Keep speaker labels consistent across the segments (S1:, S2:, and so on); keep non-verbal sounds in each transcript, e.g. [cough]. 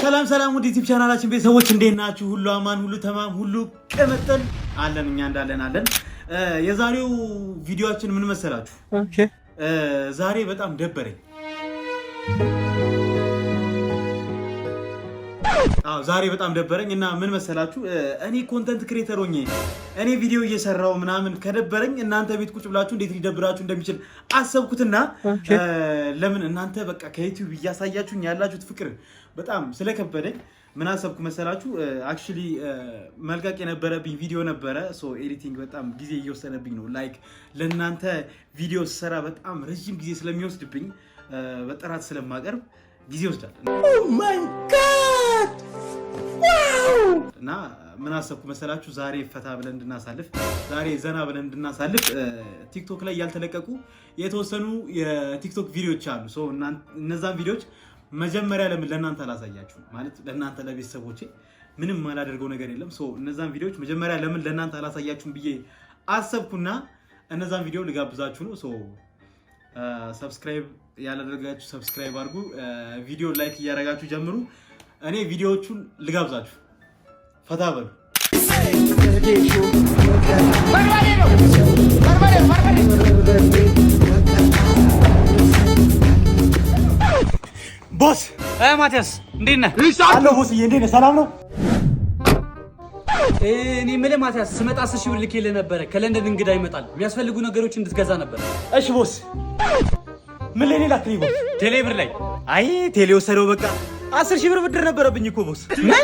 S1: ሰላም ሰላም፣ ውድ ዩቲብ ቻናላችን ቤተሰቦች እንዴት ናችሁ? ሁሉ አማን፣ ሁሉ ተማም፣ ሁሉ ቅምጥል አለን። እኛ እንዳለን አለን። የዛሬው ቪዲዮችን ምን መሰላችሁ? ዛሬ በጣም ደበረኝ። ዛሬ በጣም ደበረኝ እና ምን መሰላችሁ፣ እኔ ኮንተንት ክሬተር ሆኜ እኔ ቪዲዮ እየሰራው ምናምን ከደበረኝ እናንተ ቤት ቁጭ ብላችሁ እንዴት ሊደብራችሁ እንደሚችል አሰብኩትና ለምን እናንተ በቃ ከዩቲዩብ እያሳያችሁኝ ያላችሁት ፍቅር በጣም ስለከበደኝ ምን አሰብኩ መሰላችሁ፣ አክቹሊ መልቀቅ የነበረብኝ ቪዲዮ ነበረ። ሶ ኤዲቲንግ በጣም ጊዜ እየወሰደብኝ ነው። ላይክ ለእናንተ ቪዲዮ ስሰራ በጣም ረዥም ጊዜ ስለሚወስድብኝ በጥራት ስለማቀርብ ጊዜ ይወስዳል።
S2: ኦ ማይ ጋድ
S1: እና ምን አሰብኩ መሰላችሁ? ዛሬ ፈታ ብለን እንድናሳልፍ፣ ዛሬ ዘና ብለን እንድናሳልፍ ቲክቶክ ላይ ያልተለቀቁ የተወሰኑ የቲክቶክ ቪዲዮዎች አሉ። እነዛን ቪዲዮዎች መጀመሪያ ለምን ለእናንተ አላሳያችሁ? ማለት ለእናንተ ለቤተሰቦቼ ምንም ማላደርገው ነገር የለም። እነዛን ቪዲዮዎች መጀመሪያ ለምን ለእናንተ አላሳያችሁም ብዬ አሰብኩና እነዛን ቪዲዮ ልጋብዛችሁ ነው። ሰብስክራይብ ያላደረጋችሁ ሰብስክራይብ አድርጉ። ቪዲዮ ላይክ እያደረጋችሁ ጀምሩ። እኔ ቪዲዮዎቹን ልጋብዛችሁ ፈታ በሉ።
S3: ቦስ ማቲያስ እንዴት ነህ?
S1: አለሁ ቦስዬ፣ እንዴት ነህ? ሰላም ነው።
S3: እኔ የምልህ ማቲያስ ስመጣ ስሺ ብር ልኬልህ ነበረ። ከለንደን እንግዳ ይመጣል የሚያስፈልጉ ነገሮች እንድትገዛ ነበር።
S1: እሺ ቦስ። ምን ላይ ሌላ ቦስ? ቴሌ ብር ላይ። አይ ቴሌ ወሰደው በቃ አስር ሺህ ብር ብድር ነበረብኝ እኮ ቦስ። ምን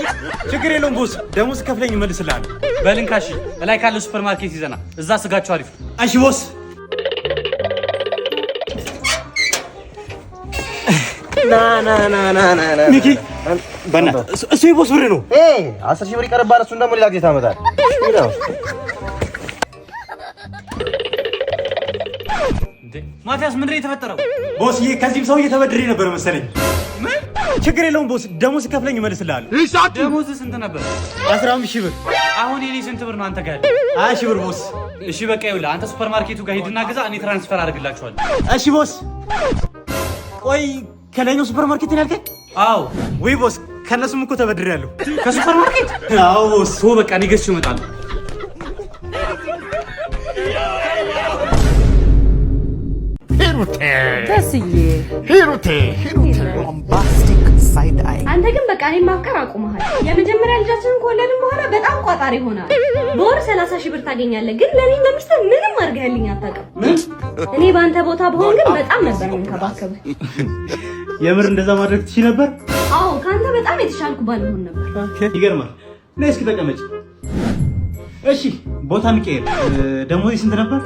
S1: ችግር የለውም ቦስ፣ ደሞዝ ከፍለኝ እመልስልሃለሁ።
S3: በልንካሽ እላይ ካለ ሱፐር ማርኬት ይዘና እዛ ስጋቸው አሪፍ። እሺ ቦስ። ሚኪ እሱ የቦስ ብር ነው።
S1: አስር ሺህ ብር ይቀርባል። እሱን ደግሞ ሌላ ጊዜ ታመጣለህ።
S3: ማቲያስ ምንድን ነው የተፈጠረው?
S1: ቦስዬ ከዚህም ሰው ተበድሬ ነበር መሰለኝ። ምን ችግር የለውም ቦስ፣ ደሞዝ ከፍለኝ እመልስልሃለሁ።
S3: ደሞዝ ስንት ነበር? አስራ አምስት ሺህ ብር። አሁን የኔ ስንት ብር ነው አንተ ጋር? ሀያ ሺህ ብር ቦስ። እሺ በቃ ይኸውልህ፣ አንተ ሱፐር ማርኬቱ ጋር ሂድና ግዛ፣ እኔ ትራንስፈር አድርግላችኋለሁ።
S1: እሺ ቦስ። ቆይ ከላይኛው ሱፐር ማርኬት ነው ያልከኝ? አዎ። ወይ ቦስ፣ ከእነሱም እኮ ተበድሬያለሁ። ከሱፐር ማርኬት?
S3: አዎ ቦስ። በቃ እኔ ገዝቼ እመጣለሁ።
S1: ሂሩቴል ተስዬ ሂሩቴ ሂሩቴ ቦምባስቲክ ሳይድ አይ።
S2: አንተ ግን በቃ እኔን ማፍቀር አቁመሃል። የመጀመሪያ ልጃችንን ከወለድን በኋላ በጣም ቋጣሪ ይሆናል። በወር ሰላሳ ሺህ ብር ታገኛለህ። ግን ለእኔ እንደሚስት ምንም አድርገህልኝ አታውቅም። እኔ በአንተ ቦታ በሆን ግን በጣም ነበር የምንከባከብህ።
S1: የምር እንደዛ ማድረግ ትችይ ነበር?
S2: አዎ ከአንተ በጣም የተሻልኩ ባልሆን
S1: ነበር። ይገርማል። ነይ እስኪ ተቀመጭ። እሺ ቦታ ሚቀየር። ደሞዝ ስንት ነበር?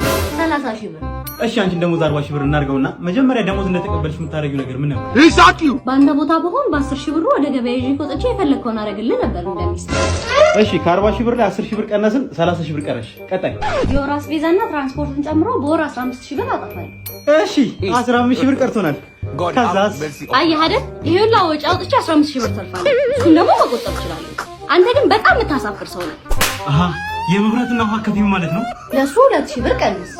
S2: ሰላሳ ሺህ ብር
S1: እሺ አንቺን ደሞዝ አርባ ሺህ ብር እናድርገውና መጀመሪያ ደሞዝ እንደተቀበልሽ የምታደርጊው ነገር ምን ነበር?
S3: ይሳቂው
S2: በአንተ ቦታ በሆን በአስር ሺህ ብሩ ወደ ገበያ ይዤ ወጥቼ የፈለግከውን አደርግልህ ነበር እንደሚስት።
S1: እሺ ከአርባ ሺህ ብር ላይ አስር ሺህ ብር ቀነስን፣ ሰላሳ ሺህ ብር ቀረሽ። ቀጣይ
S2: የወር አስቤዛና ትራንስፖርትን ጨምሮ በወር አስራ አምስት ሺህ ብር አጠፋለሁ።
S1: እሺ አስራ አምስት ሺህ ብር ቀርቶናል። ከዛስ
S2: አየህ አይደል ይሄ ሁላ ወጪ አውጥቼ አስራ አምስት ሺህ ብር ተርፋለሁ። እሱን ደግሞ መቆጠብ እችላለሁ። አንተ ግን በጣም የምታሳፍር ሰው ነህ።
S1: አሃ የመብራትና ውሃ ከፊም ማለት ነው።
S2: ለእሱ ሁለት ሺህ ብር ቀንስ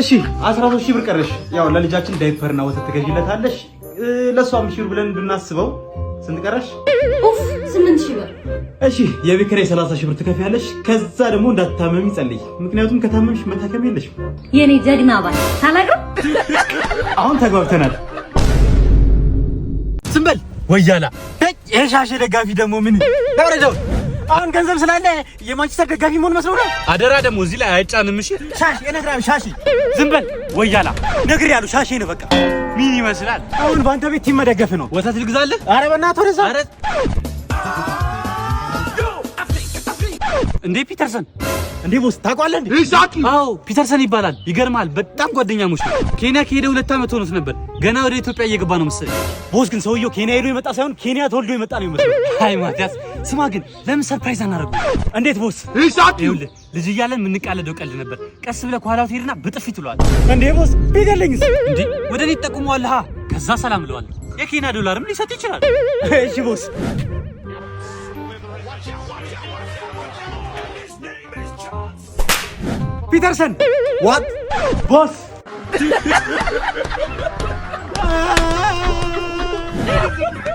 S1: እሺ 13 ሺህ ብር ቀረሽ። ያው ለልጃችን ዳይፐርና ወተት ትገዢለታለሽ። ለሷም ሺህ ብር ብለን ብናስበው ስንት ቀረሽ?
S2: ኡፍ 8 ሺህ ብር።
S1: እሺ የቤት ኪራይ 30 ሺህ ብር ትከፍያለሽ። ከዛ ደግሞ እንዳትታመሚ ጸልይ፣ ምክንያቱም ከታመምሽ መታከም የለሽ።
S2: የኔ ጀግና ባል ታላቅም።
S1: አሁን ተግባብተናል።
S3: ዝም በል ወያላ። ይሄ ሻሽ ደጋፊ ደግሞ ምን ያወረደው አሁን ገንዘብ ስላለ የማንቸስተር ደጋፊ መሆን መስሎ ነው።
S1: አደራ ደግሞ እዚህ ላይ አይጫንም። እሺ
S3: ሻሽ የነግራም ሻሽ ዝም በል ወያላ ነግር ያሉ ሻሽ ነው በቃ ምን ይመስላል?
S1: አሁን በአንተ ቤት ቲም መደገፍ ነው።
S3: ወተት ልግዛልህ?
S1: አረ በእናትህ ወደዛ።
S3: አረ እንዴ ፒተርሰን እንዴ ቦስ ታውቀዋለህ እንዴ? ኤግዛክትሊ አዎ፣ ፒተርሰን ይባላል። ይገርማል፣ በጣም ጓደኛሞች ነው። ኬንያ ከሄደ ሁለት ዓመት ሆኖት ነበር። ገና ወደ ኢትዮጵያ እየገባ ነው መሰለኝ። ቦስ ግን ሰውየው ኬንያ ሄዶ የመጣ ሳይሆን ኬንያ ተወልዶ የመጣ ነው ይመስላል።
S1: አይ ማቲያስ ስማ ግን ለምን ሰርፕራይዝ አናረጉ? እንዴት ቦስ?
S3: ይኸውልህ
S1: ልጅ እያለን የምንቃለደው ቀልድ ነበር። ቀስ ብለህ ከኋላው ትሄድና በጥፊ ትለዋል። እንዴ ቦስ ሄደልኝ
S3: እንዴ ወደ እኔ ትጠቁመዋለህ። ከዛ ሰላም እለዋለሁ። የኬንያ ዶላርም ሊሰጥ ይችላል።
S1: እሺ ቦስ ፒተርሰን ዋት ቦስ [laughs]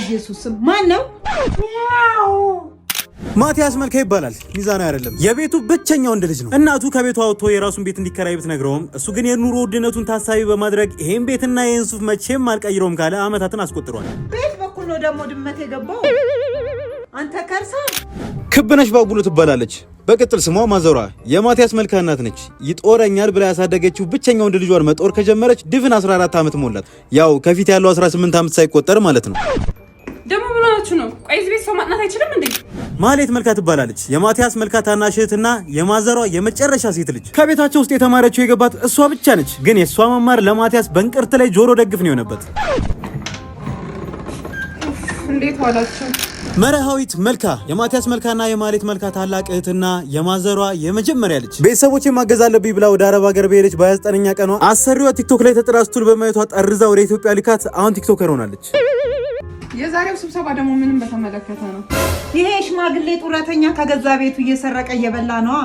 S3: ኢየሱስም ማን ነው?
S1: ማቲያስ መልካ ይባላል። ሚዛን አይደለም። የቤቱ ብቸኛ ወንድ ልጅ ነው። እናቱ ከቤቱ አውጥቶ የራሱን ቤት እንዲከራይ ብትነግረውም እሱ ግን የኑሮ ውድነቱን ታሳቢ በማድረግ ይሄን ቤትና ይህን ሱፍ መቼም አልቀይረውም ካለ አመታትን አስቆጥሯል።
S2: ቤት በኩል ነው ደግሞ ድመት የገባው አንተ ከርሳ
S1: ክብነሽ ባቡሉ ትባላለች። በቅጥል ስሟ ማዘሯ የማቲያስ መልካ እናት ነች። ይጦረኛል ብላ ያሳደገችው ብቸኛ ወንድ ልጇን መጦር ከጀመረች ድፍን 14 ዓመት ሞላት። ያው ከፊት ያለው 18 ዓመት ሳይቆጠር ማለት ነው።
S2: ደግሞ ምን ሆናችሁ ነው? ቆይ እዚህ ቤት ሰው ማጥናት አይችልም እንዴ?
S1: ማሌት መልካ ትባላለች። የማቲያስ መልካ ታናሽ እህትና የማዘሯ የመጨረሻ ሴት ልጅ። ከቤታቸው ውስጥ የተማረችው የገባት እሷ ብቻ ነች። ግን የእሷ መማር ለማቲያስ በእንቅርት ላይ ጆሮ ደግፍ ነው የሆነበት።
S2: እንዴት ዋላችሁ?
S1: መርሃዊት መልካ የማቲያስ መልካና የማሌት መልካ ታላቅ እህትና የማዘሯ የመጀመሪያ ልጅ ቤተሰቦች ማገዝ አለብኝ ብላ ወደ አረብ ሀገር በሄደች በ29ኛ ቀኗ አሰሪዋ ቲክቶክ ላይ ተጠራ ስትል በማየቷ ጠርዛ ወደ ኢትዮጵያ ልካት አሁን ቲክቶከር ሆናለች።
S2: የዛሬው ስብሰባ ደግሞ ምንም በተመለከተ ነው። ይሄ ሽማግሌ ጡረተኛ ከገዛ ቤቱ እየሰረቀ እየበላ ነዋ።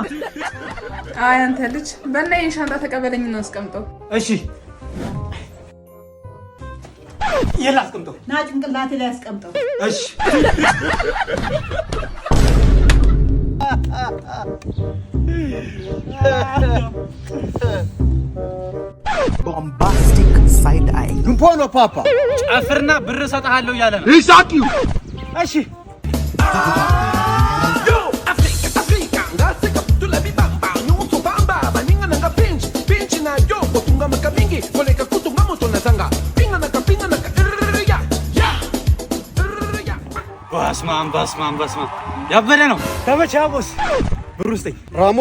S2: አይ አንተ ልጅ በና ይህን ሻንጣ ተቀበለኝ አስቀምጠው።
S1: እሺ ይህ ላስቀምጠው
S2: ና ጭንቅላት ላይ ያስቀምጠው።
S1: እሺ ቦምባስቲክ ሳይድ አይ
S3: ምፖኖ ፓፓ ጨፍርና ብር እሰጥሃለሁ እያለ
S1: ነው። እሺ
S3: በስማም በስማም ያበደ ነው።
S1: ተመቻ ቦስ ብሩ ስጠኝ። ራሞ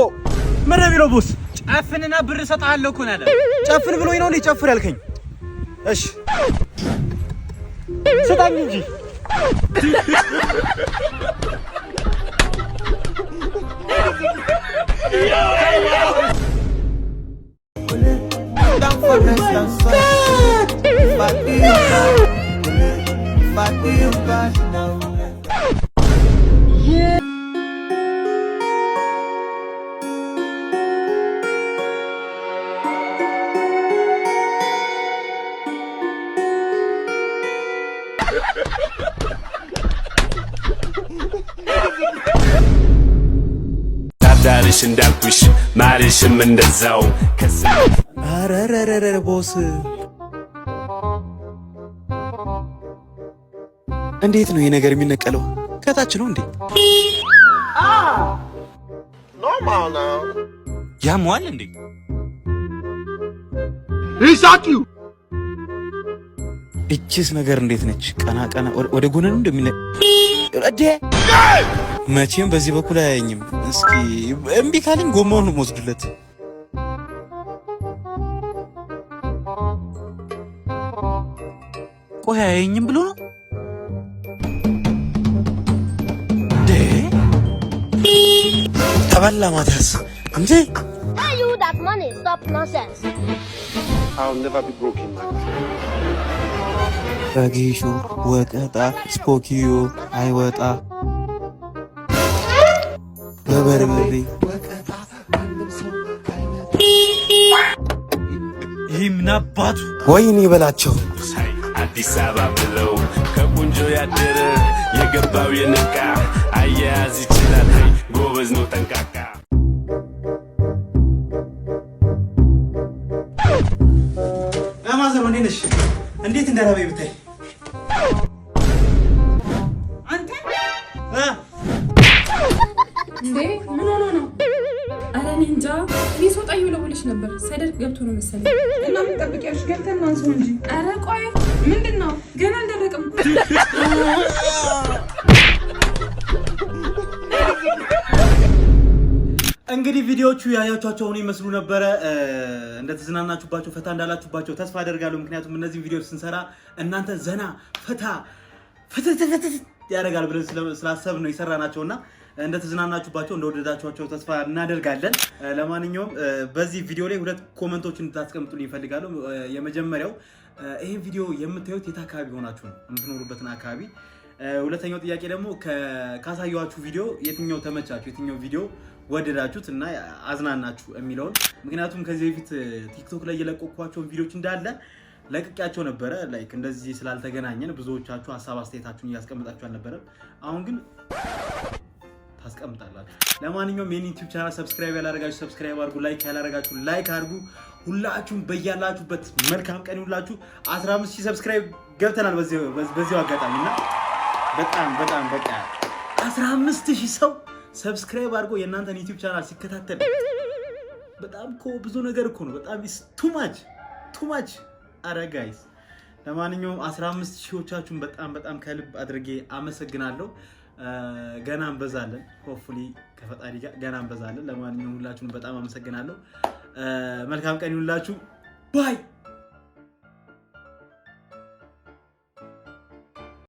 S1: ምን ነው ቦስ
S3: ጨፍንና ብር እሰጥሃለሁ እኮ ነው ያለ።
S1: ጨፍን ብሎኝ ነው እንዴ ጨፍር ያልከኝ? እሺ ስጠኝ እንጂ oh you አለሽ እንዳልኩሽ ማልሽም እንደዛው ከሰ ቦስ እንዴት ነው ይሄ ነገር የሚነቀለው? ከታች ነው እንዴ? ያመዋል እንዴ? እችስ ነገር እንዴት ነች? ቀና ቀና ወደ ጎንን እንደሚነ እዴ መቼም በዚህ በኩል አያየኝም። እስኪ እምቢ ካለኝ ጎማውን ወስድለት። ቆይ አያየኝም ብሎ ነው እንዴ? ተበላ ማትረስ እንዴ? በጌሾ ወቀጣ ስፖኪዮ አይወጣ በበርበሬ ይህም ናባቱ ወይኔ በላቸው አዲስ አበባ ብለው ከቁንጆ ያደረ የገባው የነቃ አያያዝ ይችላል ጎበዝ ነው ጠንቃቃ ማዘር እንዴት ነሽ? እንዴት እንደራበኝ ብታይ። አንተ
S2: እንዴ ምን ሆኖ ነው? ኧረ እኔ እንጃ። እኔ ስወጣ እየወለወለች ነበር። ሳይደርግ ገብቶ ነው መሰለኝ። እና ምን ጠብቂያለሽ? ገብተን እናንስሆ እንጂ። ኧረ ቆይ ምንድን ነው ገና አልደረቅም። [laughs]
S1: ቪዲዮዎቹ ያያችኋቸው ሆነ ይመስሉ ነበረ። እንደተዝናናችሁባቸው ፈታ እንዳላችሁባቸው ተስፋ አደርጋለሁ። ምክንያቱም እነዚህ ቪዲዮ ስንሰራ እናንተ ዘና ፈታ ያደርጋል ብለን ስላሰብ ነው የሰራናቸው እና እንደተዝናናችሁባቸው እንደወደዳችኋቸው ተስፋ እናደርጋለን። ለማንኛውም በዚህ ቪዲዮ ላይ ሁለት ኮመንቶች እንድታስቀምጡልኝ ይፈልጋሉ። የመጀመሪያው ይህን ቪዲዮ የምታዩት የት አካባቢ ሆናችሁ ነው? የምትኖሩበትን አካባቢ ሁለተኛው ጥያቄ ደግሞ ካሳየኋችሁ ቪዲዮ የትኛው ተመቻችሁ፣ የትኛው ቪዲዮ ወደዳችሁት እና አዝናናችሁ የሚለውን ምክንያቱም ከዚህ በፊት ቲክቶክ ላይ የለቀኳቸውን ቪዲዮች እንዳለ ለቅቄያቸው ነበረ። ላይክ እንደዚህ ስላልተገናኘን ብዙዎቻችሁ ሀሳብ አስተያየታችሁን እያስቀምጣችሁ አልነበረም። አሁን ግን ታስቀምጣላችሁ። ለማንኛውም ይህን ዩቲዩብ ቻናል ሰብስክራይብ ያላረጋችሁ ሰብስክራይብ አድርጉ፣ ላይክ ያላረጋችሁ ላይክ አድርጉ። ሁላችሁም በያላችሁበት መልካም ቀን ይሁንላችሁ። 15000 ሰብስክራይብ ገብተናል በዚሁ አጋጣሚ እና በጣም በጣም በቃ 15000 ሰው ሰብስክራይብ አድርጎ የእናንተን ዩቲዩብ ቻናል ሲከታተል በጣም እኮ ብዙ ነገር እኮ ነው። በጣም ኢስ ቱ ማች ቱ ማች። አረ ጋይስ፣ ለማንኛውም 15000 ሺዎቻችሁን በጣም በጣም ከልብ አድርጌ አመሰግናለሁ። ገና እንበዛለን፣ ሆፕፉሊ ከፈጣሪ ጋር ገና እንበዛለን። ለማንኛውም ሁላችሁንም በጣም አመሰግናለሁ። መልካም ቀን ይሁንላችሁ። ባይ